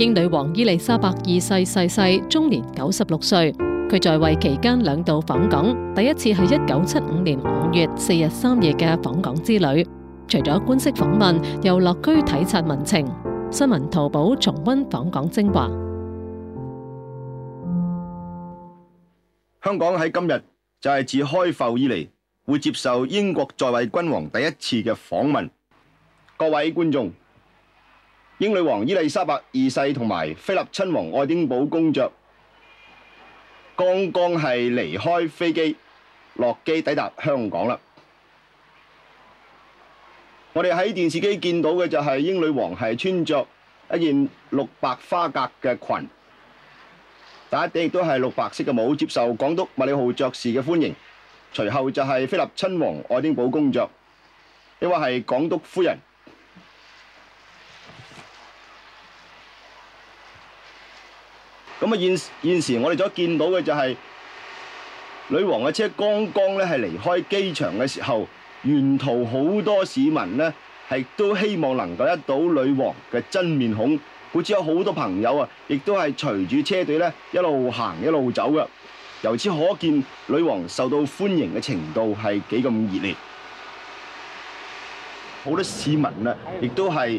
英女王伊麗莎白二世逝世，終年九十六歲。佢在位期間兩度訪港，第一次係一九七五年五月四日三夜嘅訪港之旅，除咗官式訪問，又落區體察民情。新聞掏寶重溫訪港精華。香港喺今日就係自開埠以嚟會接受英國在位君王第一次嘅訪問。各位觀眾。英女王伊麗莎白二世同埋菲臘親王愛丁堡公爵，剛剛係離開飛機，落機抵達香港啦。我哋喺電視機見到嘅就係英女王係穿着一件綠白花格嘅裙，第一頂亦都係綠白色嘅帽，接受港督麥理浩爵士嘅歡迎。隨後就係菲臘親王愛丁堡公爵，呢位係港督夫人。咁啊，現時我哋所見到嘅就係女王嘅車剛剛咧係離開機場嘅時候，沿途好多市民呢，係都希望能夠一睹女王嘅真面孔，好似有好多朋友啊，亦都係隨住車隊咧一路行一路走嘅。由此可見，女王受到歡迎嘅程度係幾咁熱烈，好多市民呢，亦都係。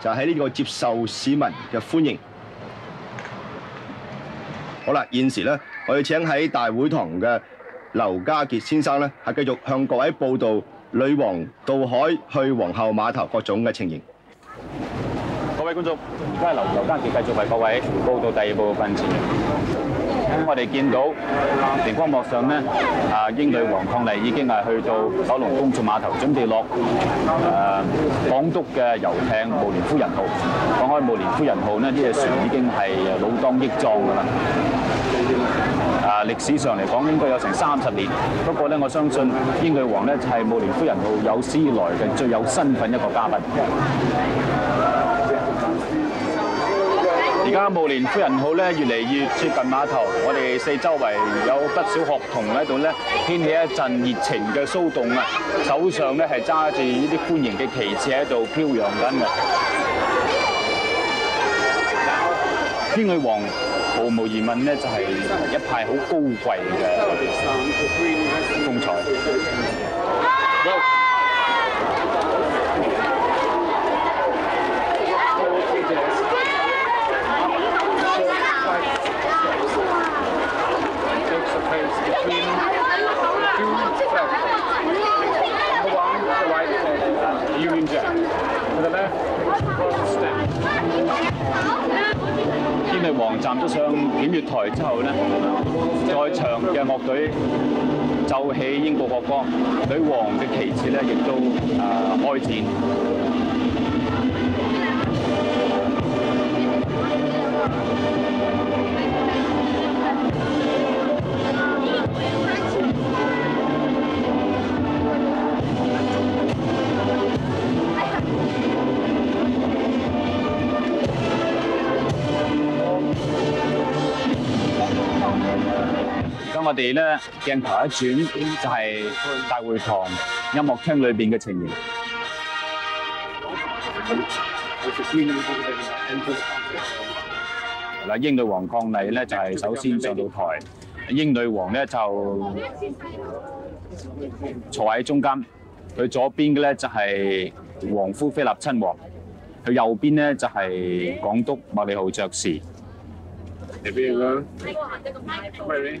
就喺呢個接受市民嘅歡迎。好啦，現時呢，我要請喺大會堂嘅劉家傑先生呢，係繼續向各位報道女王渡海去皇后碼頭各種嘅情形。各位觀眾，而家劉劉家傑繼續為各位報道第二部分節目。咁、嗯、我哋見到熒光幕上呢，啊，英女王伉儷已經係去到九龍公眾碼頭準備落誒、呃、港督嘅遊艇慕蓮夫人號。講開慕蓮夫人號呢，呢隻船已經係老當益壯噶啦。啊，歷史上嚟講應該有成三十年，不過呢，我相信英女王呢就係、是、慕蓮夫人號有史以來嘅最有身份一個嘉賓。而家慕蓮夫人號咧越嚟越接近碼頭，我哋四周圍有不少學童喺度咧掀起一陣熱情嘅騷動啊！手上咧係揸住呢啲歡迎嘅旗幟喺度飄揚緊嘅，天女王毫無疑問咧就係一派好高貴嘅。我哋咧鏡頭一轉，就係大會堂音樂廳裏邊嘅情形。嗱，英女王伉儷咧就係首先上到台，英女王咧就坐喺中間，佢左邊嘅咧就係皇夫菲立親王，佢右邊咧就係港督麥理浩爵士。嚟邊啊？咩咧？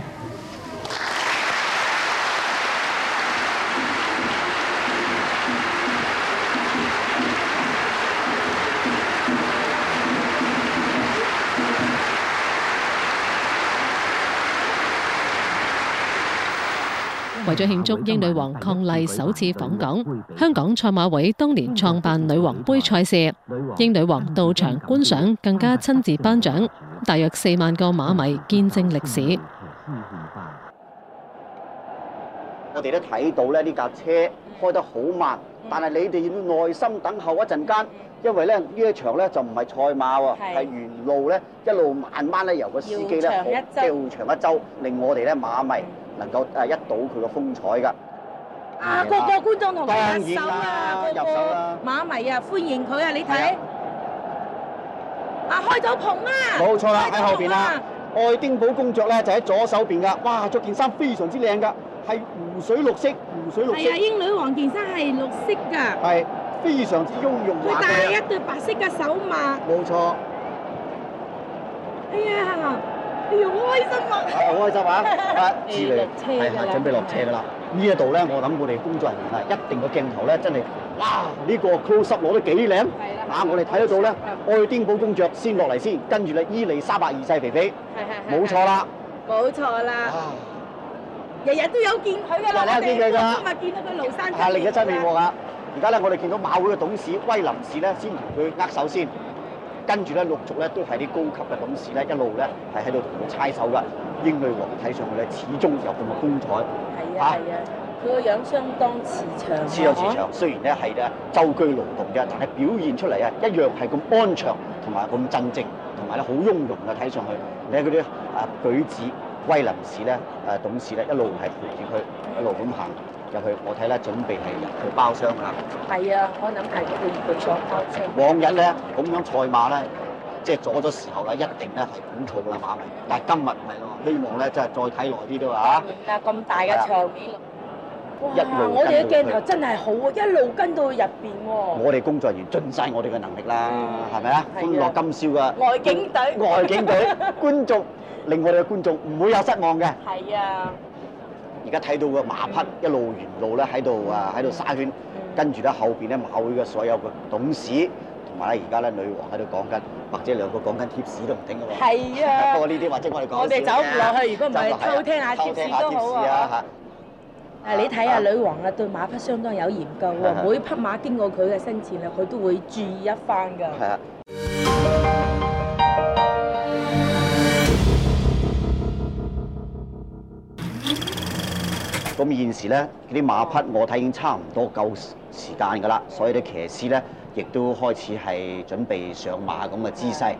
慶祝英女王伉儷首次訪港，香港賽馬會當年創辦女王杯賽事，英女王到場觀賞，更加親自頒獎，大約四萬個馬迷見證歷史。我哋都睇到咧，呢架車開得好慢，但係你哋要耐心等候一陣間，因為咧呢一場咧就唔係賽馬喎，係沿路咧一路慢慢咧由個司機咧飆場一周，令我哋咧馬迷。能夠誒一睹佢個風采㗎！啊，個個觀眾同佢握手啊，個個馬迷啊歡迎佢啊！你睇啊，開咗篷啦！冇錯啦，喺後邊啦。愛丁堡公爵咧就喺左手邊㗎。哇，着件衫非常之靚㗎，係湖水綠色，湖水綠色。係啊，英女王件衫係綠色㗎。係非常之雍容華貴。佢戴係一對白色嘅手襪。冇錯。哎呀！哎呀，好開心啊！好開心啊！啊，志偉，係啊，準備落車噶啦。呢一度咧，我諗我哋工作人員啊，一定個鏡頭咧，真係哇！呢個 close up 攞得幾靚。係啦。嗱，我哋睇得到咧，愛丁堡公爵先落嚟先，跟住咧伊利沙伯二世肥肥。係係係。冇錯啦。冇錯啦。啊！日日都有見佢噶啦，我哋今日見到佢廬山。係啊，另一張面喎嚇。而家咧，我哋見到馬會嘅董事威林士咧，先同佢握手先。跟住咧，陸續咧都係啲高級嘅董事咧，一路咧係喺度同佢差手㗎。英女王睇上去咧，始終有咁嘅光彩，係啊。佢個樣相當慈祥，嚇。慈祥慈祥，雖然咧係咧舟車勞頓嘅，但係表現出嚟啊，一樣係咁安詳，同埋咁鎮靜，同埋咧好雍容啊！睇上去，你睇嗰啲啊舉止威能士咧，誒董事咧，一路係陪住佢一路咁行。入去，我睇咧準備係入去包廂噶啦。係啊，可能係佢佢想包廂。往日咧咁樣賽馬咧，即係阻咗時候咧，一定咧係本錯啦馬位。但係今日唔係喎，希望咧即係再睇耐啲都啊。咁大嘅場面，一路我哋嘅鏡頭真係好啊，一路跟到入邊喎。我哋工作人員盡晒我哋嘅能力啦，係咪啊？歡樂今宵噶外景隊，外景隊，觀眾令我哋嘅觀眾唔會有失望嘅。係啊。而家睇到個馬匹一路沿路咧喺度啊，喺度沙圈，跟住咧後邊咧馬會嘅所有嘅董事同埋咧而家咧女王喺度講緊，或者兩個講緊貼士都唔定嘅喎。係啊，不過呢啲或者我哋講我哋走唔落去，如果唔係偷聽下貼士都好啊。嚇！誒，你睇下女王啊，對馬匹相當有研究喎。每匹馬經過佢嘅身前咧，佢都會注意一番㗎。係啊。咁現時咧，啲馬匹我睇已經差唔多夠時間㗎啦，所以啲騎師咧亦都開始係準備上馬咁嘅姿勢，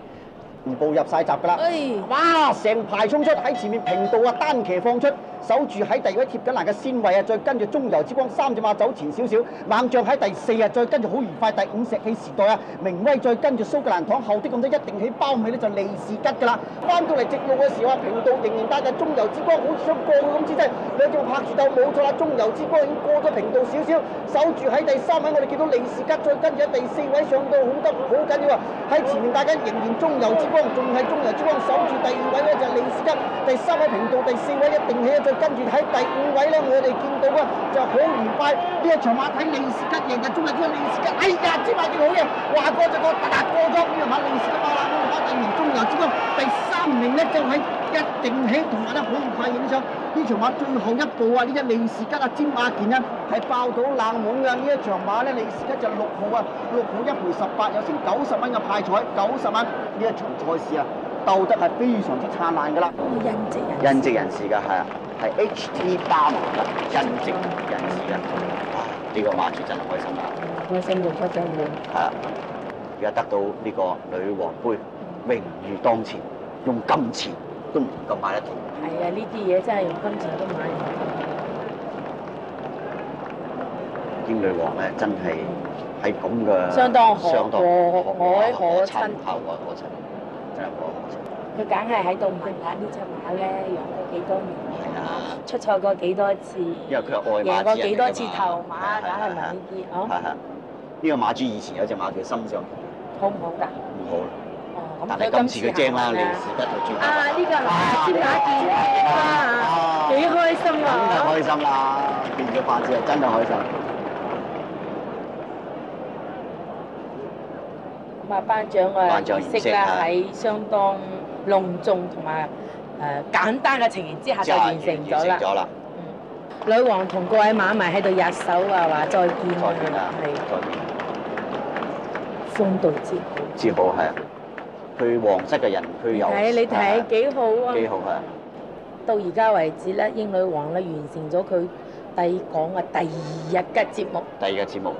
全部入晒閘㗎啦，哎、哇！成排衝出喺前面平道啊，單騎放出。守住喺第二位貼緊欄嘅先位啊，再跟住中游之光三隻馬走前少少，猛將喺第四啊，再跟住好愉快。第五石器時代啊，明威再跟住蘇格蘭堂後啲咁多一定起包尾呢就利士吉㗎啦。翻到嚟直路嘅時候啊，平道仍然帶緊中游之光，好似想過去咁姿勢。你仲拍住鬥冇錯啊，中游之光已經過咗平道少少，守住喺第三位。我哋見到利士吉再跟住第四位上到好得，好緊要啊！喺前面帶緊仍然中游之光，仲係中游之光守住第二位呢就利士吉，第三位平道第四位一定起啊！跟住喺第五位咧，我哋見到啊，就好愉快。呢一場馬睇利斯吉贏的，仍然中係叫利斯吉。哎呀，芝馬健好嘅，話過就過。達哥莊呢一匹利斯吉爆冷門，打第二名中游之中，第三名呢，就喺一定起同埋得好快影相。呢場馬最後一步啊，呢隻利斯吉啊，尖馬健啊，係爆到冷門嘅。呢一場馬咧，利斯吉就六號啊，六號一賠十八，有先九十蚊嘅派彩，九十蚊呢一場賽事啊，鬥得係非常之燦爛㗎啦！印跡人士印跡人士㗎，係啊。係 HT 八拿的真正人士啊！呢、這個馬主真開心啊！開心到不得了！係啊！而家得到呢個女王杯，榮譽當前，用金錢都唔夠買得到。係啊！呢啲嘢真係用金錢都買唔到。英女王咧，真係係咁嘅，相當相當可可親啊！可可親。佢梗係喺度唔同啦！呢隻馬咧，養咗幾多年，出錯過幾多次，因為佢愛馬，贏過幾多次頭馬，係咪呢啲？哦，係係，呢個馬主以前有隻馬叫心上，好唔好噶？唔好。哦，但係今次佢正啦，歷史級嘅專家。啊，呢個先打字，幾開心喎！真係開心啦，變咗班主係真係開心。咁啊，班長啊，面色啦，喺相當。隆重同埋誒簡單嘅情形之下就完成咗啦。完成咗啦。嗯，女王同各位馬迷喺度握手啊，話再見啊，係再見。風度節節好係啊！佢皇室嘅人，佢有。係你睇幾好啊？幾好係啊！到而家為止咧，英女王咧完成咗佢第講嘅第二日嘅節目。第二個節目。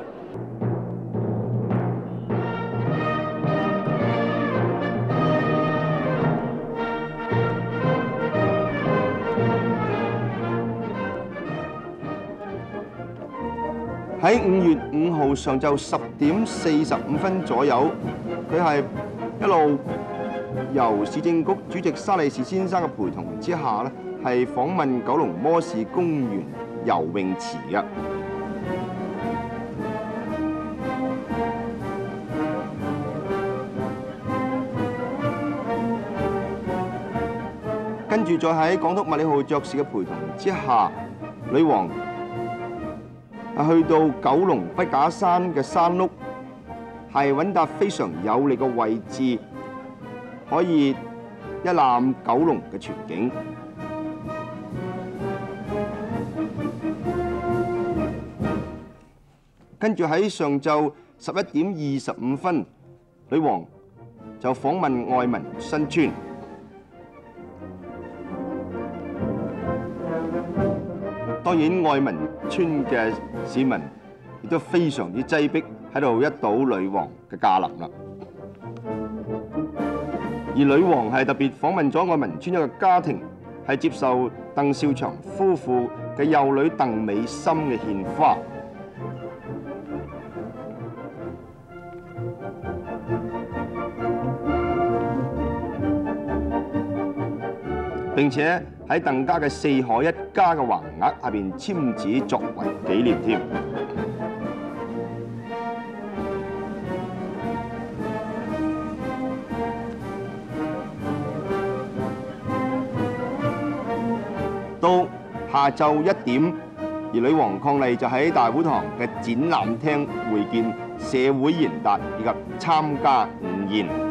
喺五月五號上晝十點四十五分左右，佢係一路由市政局主席沙利士先生嘅陪同之下呢，係訪問九龍摩士公園游泳池嘅。跟住再喺港督麥理浩爵士嘅陪同之下，女王。啊！去到九龍筆架山嘅山麓，係揾達非常有利嘅位置，可以一覽九龍嘅全景。跟住喺上晝十一點二十五分，女王就訪問愛民新村。當然，愛民村嘅市民亦都非常之擠迫喺度一睹女王嘅駕臨啦。而女王係特別訪問咗愛民村一個家庭，係接受鄧少祥夫婦嘅幼女鄧美心嘅獻花，並且，喺鄧家嘅四海一家嘅橫額下邊簽字作為紀念添。到下晝一點，而女王伉儷就喺大會堂嘅展覽廳會見社會賢達以及參加午宴。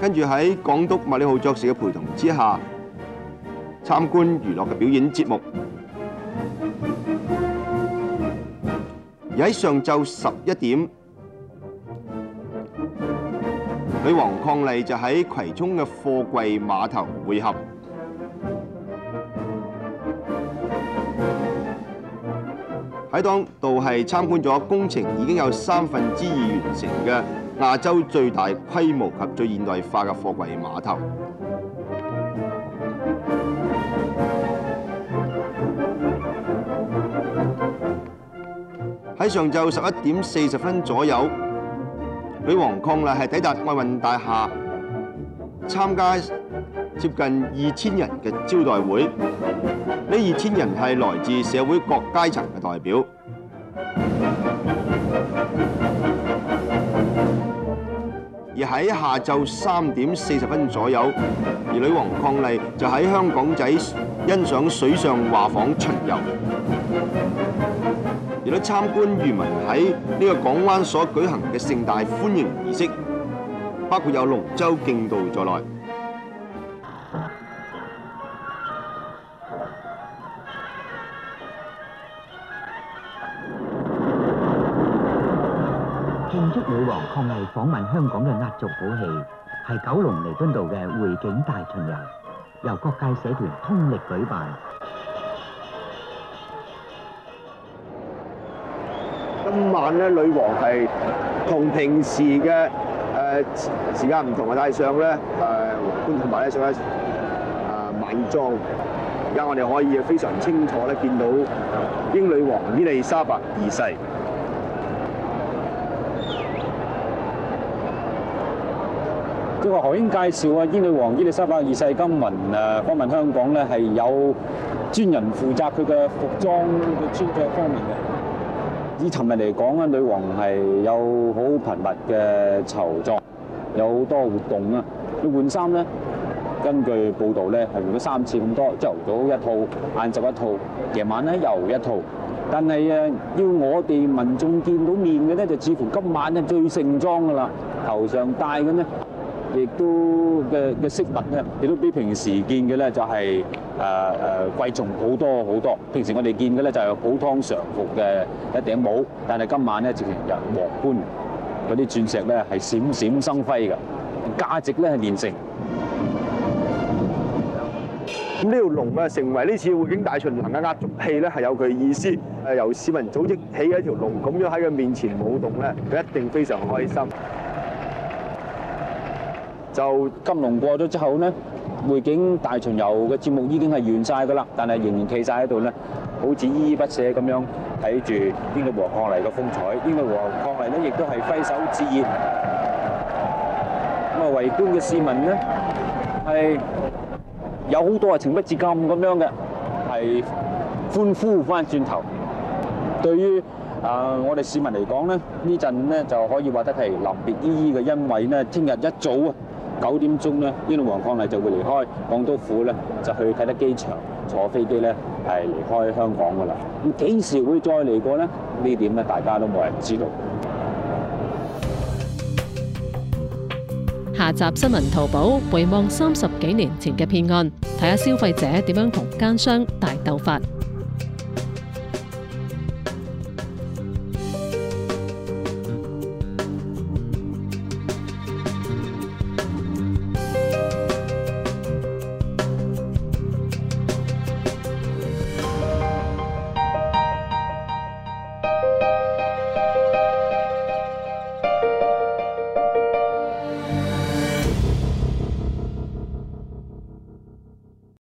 跟住喺港督麥理浩爵士嘅陪同之下，參觀娛樂嘅表演節目。而喺上晝十一點，女王伉儷就喺葵涌嘅貨櫃碼頭會合。喺當道度係參觀咗工程已經有三分之二完成嘅。亞洲最大規模及最現代化嘅貨櫃碼頭，喺上晝十一點四十分左右，女王伉儷係抵達海運大廈，參加接近二千人嘅招待會。呢二千人係來自社會各階層嘅代表。喺下晝三點四十分左右，而女王伉儷就喺香港仔欣賞水上畫舫巡遊，亦都參觀漁民喺呢個港灣所舉行嘅盛大歡迎儀式，包括有龍舟競渡在內。同埋訪問香港嘅壓軸好戲，係九龍彌敦道嘅會景大巡遊，由各界社團通力舉辦。今晚咧，女王係同平時嘅誒時間唔同嘅戴上咧誒皇冠同埋咧上咧啊晚裝。而家我哋可以非常清楚咧見到英女王伊利沙伯二世。佢話：何英介紹啊，英女王伊利沙伯二世金文誒訪問香港咧，係有專人負責佢嘅服裝嘅裝著方面嘅。以尋日嚟講咧，女王係有好頻密嘅籌裝，有好多活動啊。佢換衫咧，根據報道咧，係換咗三次咁多，即係朝頭早一套晏晝一套，夜晚咧又一套。但係誒，要我哋民眾見到面嘅咧，就似乎今晚咧最盛裝㗎啦，頭上戴嘅呢。亦都嘅嘅飾物咧，亦都比平時見嘅咧就係誒誒貴重好多好多。平時我哋見嘅咧就係、是、普通常服嘅一頂帽，但係今晚咧直情人王冠嗰啲鑽石咧係閃閃生輝嘅，價值咧係連城。咁呢條龍啊，成為呢次匯景大巡行嘅壓軸戲咧，係有佢意思。誒由市民組織起嘅一條龍，咁樣喺佢面前舞動咧，佢一定非常開心。就金龍過咗之後咧，匯景大巡遊嘅節目已經係完曬噶啦，但係仍然企曬喺度咧，好似依依不捨咁樣睇住英女王伉儷嘅風采，英女王伉儷咧亦都係揮手致意。咁啊，圍觀嘅市民咧係有好多係情不自禁咁樣嘅，係歡呼翻轉頭。對於啊，我哋市民嚟講咧，呢陣咧就可以話得係臨別依依嘅，因為咧聽日一早啊～九點鐘呢，呢個皇伉儷就會離開港督府呢，就去啟德機場坐飛機呢，係離開香港噶啦。咁幾時會再嚟過呢？呢點呢，大家都冇人知道。下集新聞掏寶回望三十幾年前嘅騙案，睇下消費者點樣同奸商大鬥法。